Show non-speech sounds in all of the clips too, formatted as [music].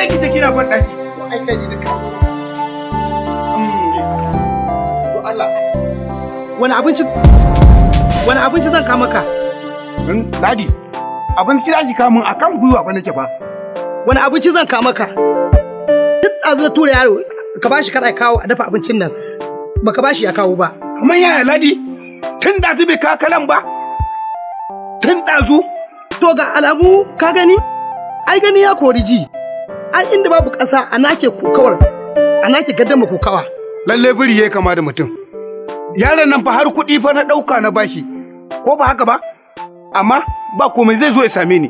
sai ki je kina ban daki ai kai ne ka hmm. Allah wani abinci wani abinci zan ka hmm, ladi dadi abinci zaki ka min akan gwiwa fa nake ba. wani abinci zan kama ka maka duk azu na tura yaro ka bashi kada kawo a dafa abincin nan ba baka bashi ya kawo ba amma yaya ladi tun da bai ka karan ba tun ɗazu to ga alamu ka gani ai gani ya kori ji an inda babu ƙasa a nake kokawar a nake gaddama kukawa lalle biri yayi kama da mutum yaron nan fa har kuɗi fa na ɗauka na bashi ko ba haka ba amma ba komai zai zo ya same ni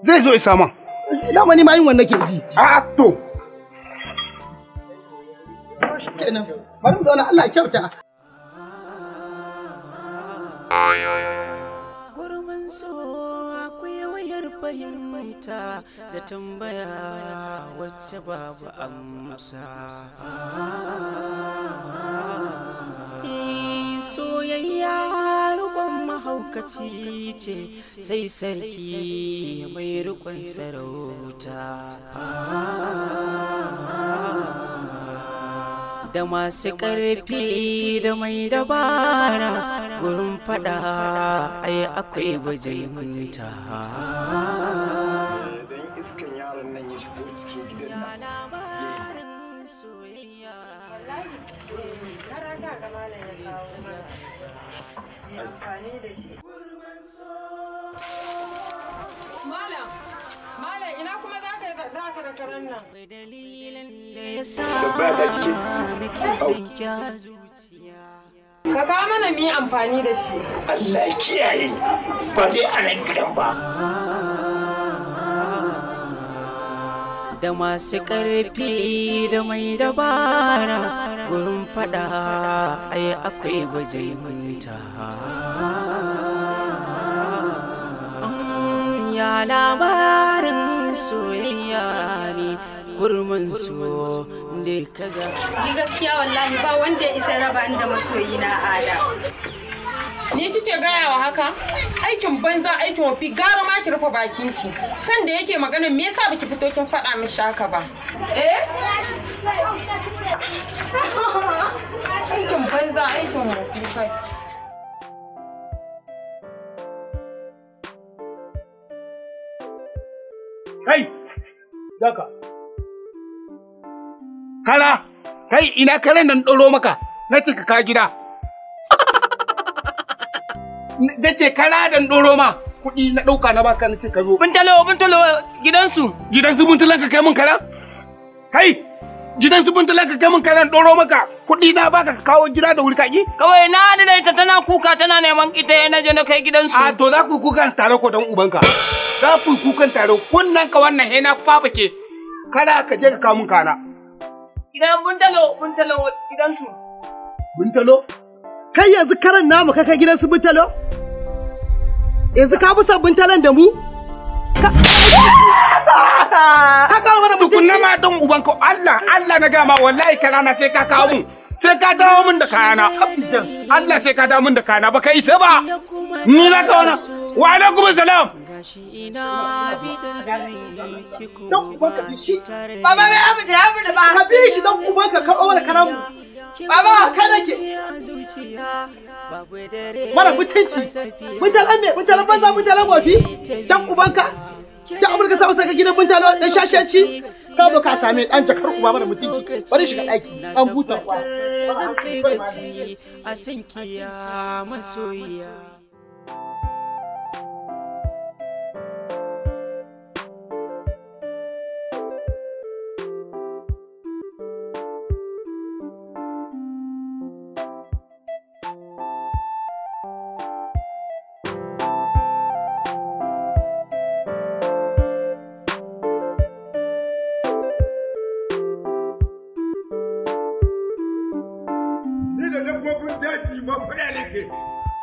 zai zo ya sama dama ni ma yin wannan ke ji a to kenan bari mu zauna Allah ya kyauta maimaita da tambaya wacce babu amsa eh, soyayya rukun mahaukaci ce sai sarki mai rukun sarauta da masu ƙarfi da mai dabara gurin fada ai akwai bajinta. shigo cikin gidan nan soyayya malam ya kawo mana amfani da shi malam malam ina kuma za ka za ka da nan dalilin ya sa son zuciya Ka kawo mana mu amfani da shi. Allah kiyaye ba dai a gidan ba. da masu ƙarfi da mai dabara gurin fada ai akwai bajinta mm, ya labarin soyayya ne gurmin su da kaza gaskiya wallahi ba wanda ya isa raba ni da masoyina ada. Ni kike gaya wa haka? Aikin banza aikin wafi gara ma ki rufe bakin ki. San da yake magana me yasa baki fito kin faɗa min shaka ba? Eh? Aikin banza aikin wafi kai. Daka! Kala, kai ina karen nan ɗoro maka, na cika ka gida. da ce kara da ɗoro ma kuɗi na ɗauka na baka na ce ka zo. Buntalo buntalo gidansu. Gidansu buntalo ka kai mun kara? Kai gidansu buntalo ka kai mun kara ɗoro maka kuɗi na baka ka kawo gida da wuri kaki? Kawai na da ita tana kuka tana neman ita yana je na kai gidansu. A to za ku kukan tare ko dan ubanka. Za ku kukan tare kunnan ka wannan hena fafa ke. Kara ka je ka kawo mun kala. Gidan buntalo buntalo gidansu. Buntalo? Kai yanzu karan namu kaka gidansu buntalo? yanzu ka bi sabbin talan da mu ka kawo mana mutunci tukunna ma don ubanka Allah Allah na gama wallahi kana sai ka kawo sai ka dawo min da kayana Allah sai ka dawo min da kayana baka isa ba ni na ka wannan wa alaikum salam baba abu da abu da ba habi shi don ubanka ka kawo karamu baba mara mutunci mutanen me mutanen banza mutanen mafi, dan ubanka da amurka sa ka gidan mutane da shashanci ka zo ka same dan jakar uba mara mutunci bari shiga daki an huta kwa zan kai gaci a sankiya masoyiya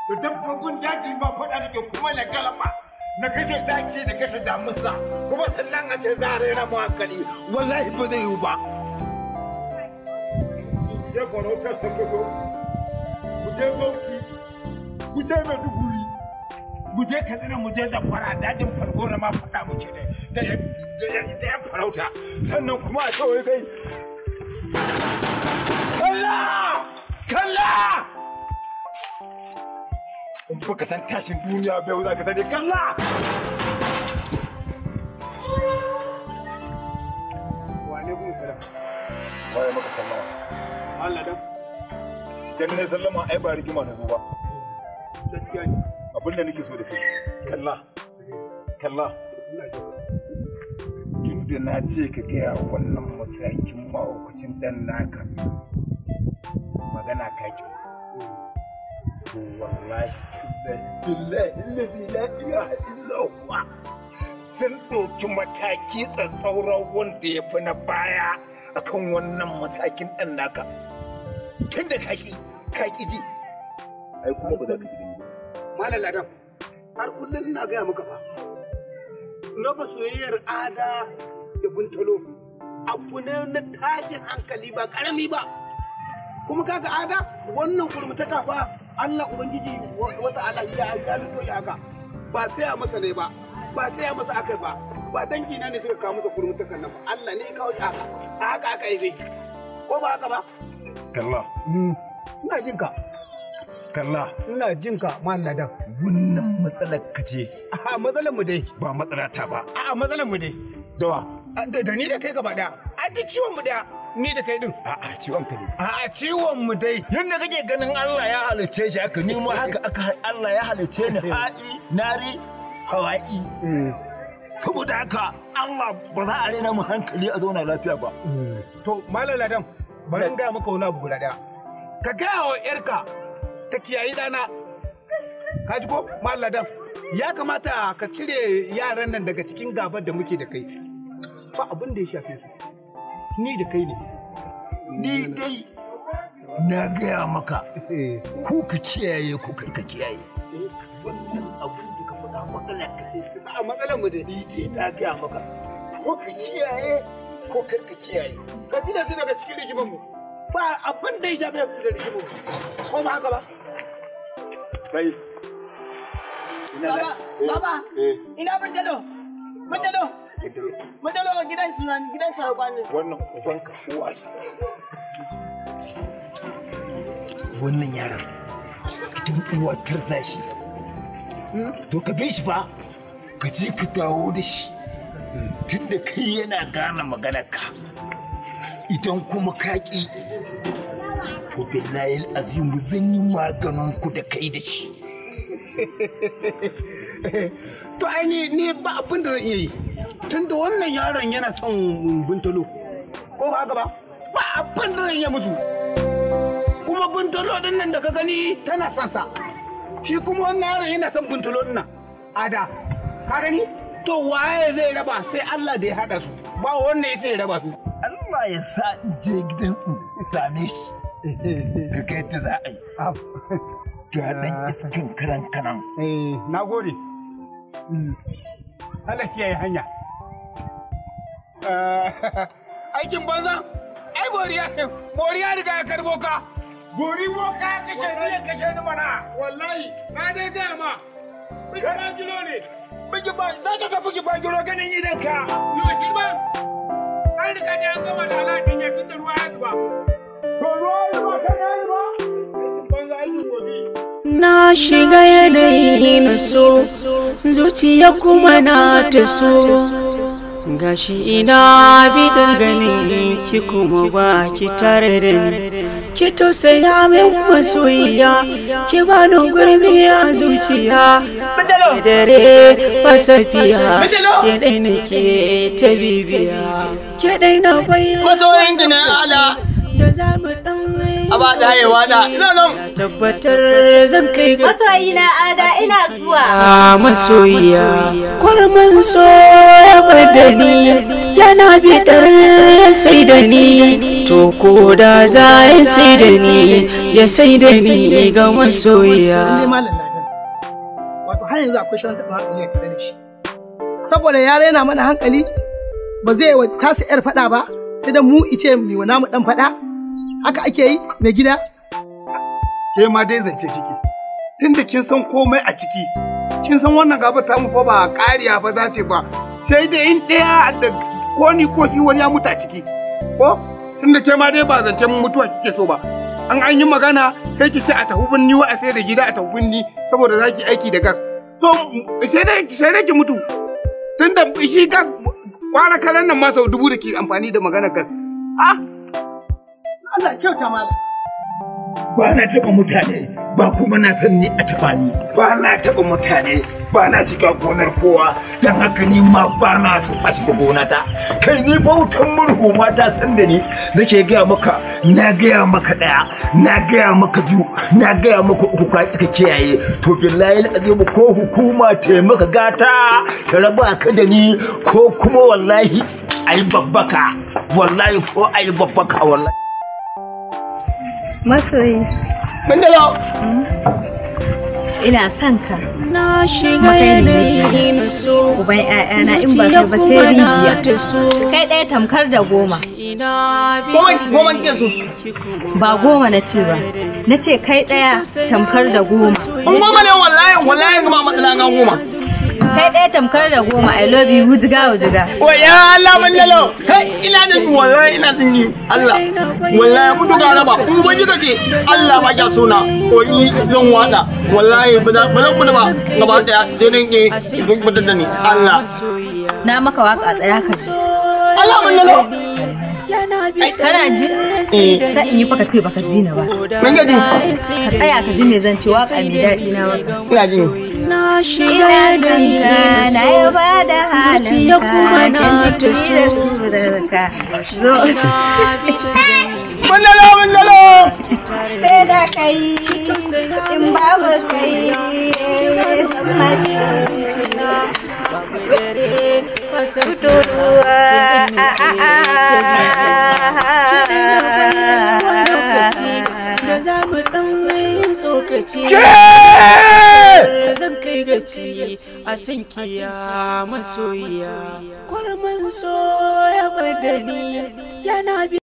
da dabbobin daji ma faɗa nake kuma na galaba na kashe daji da kashe damusa kuma sannan a ce za a raina mu hankali wallahi ba zai yi ba. Ya farautar Sokoto, mu je Bauchi, mu je Maiduguri, mu je katsina mu je zafara dajin farko na ma faɗa mu ce da ya farauta sannan kuma a kawai kai. ka san tashin duniya bai za ka sani kalla wane bin salam waye maka sallama Allah dan dan ne sallama ai ba rigima da zuwa gaskiya ne abin da nake so da kai kalla kalla tun da na ce ka gaya wannan masarkin mahaukacin dan naka magana kaki to wallahi billahi allazi la ilaha illa huwa sun ɗauki mataki tsatsauran wanda ya fi na baya akan wannan matakin ɗan naka tun da kaki kaki ji ai kuma ba za ka ji gani ba malam ladan har kullum na gaya maka fa raba soyayyar ada da buntalo abu ne na tashin hankali ba ƙarami ba kuma kaga ada wannan kurmutaka fa Allah ubangiji wata ala ya gani to ya haka ba sai a masa ne ba ba sai a masa akai ba ba dangi na ne suka kawo masa kan nan Allah ne kawo ya haka a haka aka yi ko ba haka ba kalla hmm. ina jin ka kalla ina jin ka ma malladan wannan matsalar ka ce a matsalar mu dai ba matsala ta ba a matsalar mu dai dawa da ni da kai gaba daya a duk ciwon mu daya ni da kai din a'a ciwon ka ne a'a ciwon mu dai yanda kake ganin Allah ya halicce shi haka ni ma haka aka Allah ya halicce ni [laughs] ha'i nari hawa'i mm. saboda haka Allah ba za a rena mu hankali a zauna lafiya ba mm. to malala dan bari in gaya maka wani abu guda daya ka gaya wa yarka ta kiyayi dana ka ji ko malala ladan ya kamata ka cire yaran nan daga cikin gabar da muke da kai ba abin da ya shafe su ni da kai ne ni dai na gaya maka ku ka kiyaye ku kai ka kiyaye wannan da ka faɗa matsala ka ce a matsalar mu ni dai na gaya maka ka kiyaye ko ka kiyaye ka ci da su daga cikin mu ba abin da ya da ko ba haka ba kai Baba, eh. baba, ina bin tado, bin tado. Madalawa gidan su gidan sa Wannan ubanka uwa shi. Wannan yaron idan uwa tarza shi. To ka bi shi fa ka je ka dawo da shi. tun da kai yana gane maganar ka. Idan kuma ka ki to billahi azim zan yi maganin ku da kai da shi. [laughs] to ai ni ba abin da zan iya yi da wannan yaron yana son buntalo ko ba haka ba ba abin da zan iya mutu kuma buntalo din nan da ka gani tana son sa shi kuma wannan yaron yana son buntalo din nan da ka gani to waye zai raba sai Allah da ya hada su ba wannan sai ya raba su Allah ya sa je gidan same shi da kai ta za a yi ga dan iskin karan kanan eh, na gode Hmm. Allah kiyaye hanya. Eh, [laughs] aikin banza? Ai boriya, boriya riga ya karbo ka. Gori mo ka kashe ni ya kashe ni mana. Wallahi, na dai gaya ma. Bigi ba kilo ne. Bigi ba, za ka ga bigi ba kilo ganin idan ka. Yo, shi ba. Ai riga ne an gama da alaɗin ya tunda ruwa ya zuba. To ruwa ya zuba, kan ya zuba. Na shiga yanayi. so zuciya kuma na ta so gashi ina biɗin gani ki kuma ba ki tare da ni ki tausaya min masoyiya ki bani gurbi a zuciya dare safiya ke dai na ke ta bibiya ke dai na bayyana masoyin gina ala da za mu ba da hayewa da ina tabbatar zan kai ga masoyi na ada ina zuwa ah, masoyiya kwarman so badani yana bidar sai da ni to ko da za ya sai da ni ya sai da ni ga masoyiya wato har yanzu akwai shan taɓa hankali ya tare da shi saboda yare raina mana hankali ba zai wa tasa yar faɗa ba sai da mu ice mu wa namu dan faɗa haka ake yi mai gida ke ma dai zance kike da kin san komai a ciki kin san wannan gaba ta mu fa ba kariya ba za ta ba sai dai in ɗaya da ko ni ko shi wani ya mutu a ciki ko da ke ma dai ba zance mutuwa kike so ba an an yi magana sai ki ce a tafi binni wa a sai da gida a tafi binni saboda za ki aiki da gas to sai dai sai dai ki mutu tun da shi gas kwara kalan nan ma sau dubu da ke amfani da maganar gas ah Allah kyauta Ba na taɓa mutane ba kuma na san ni a taɓa ni. Ba na taɓa mutane ba na shiga gonar kowa don haka ni ma ba na so a shiga ta. Kai ni bautan murhu ma ta san da ni nake gaya maka na gaya maka ɗaya na gaya maka biyu na gaya maka uku ka ka kiyaye to billahi azabu ko hukuma taimaka gata ta raba ka da ni ko kuma wallahi ai babbaka wallahi ko ai babbaka wallahi Masoyi. dalo Ina son ka. Na shiga yanayi na so. Uban ƴaƴana in ba ka ba sai rijiya. Kai ɗaya tamkar da goma. Goma goma ke so? Ba goma na ce ba. Na ce kai ɗaya tamkar da goma. In goma ne wallahi wallahi ba matsala ga goma. kai ɗaya tamkar da goma i love you wujiga wujiga wa ya Allah ban lalo kai ina nan wallahi ina jin yi Allah wallahi ku duka raba kun ba ji kace Allah ba ya so na ko ni zan wada wallahi ba zan ku ba gaba daya sai nan ke duk da ni Allah na maka waka tsaya ka ji Allah ban lalo kana ji ta eh. in yi baka ce baka ji na ba ji. ka tsaya ka ji me zan ce waka mai daɗi na waka ina ji na shiga da na ya ba da halin na da surarka zo [laughs] da kai in babu kai ki gaci a san kiya masoyiya kwarman ya madani yana bi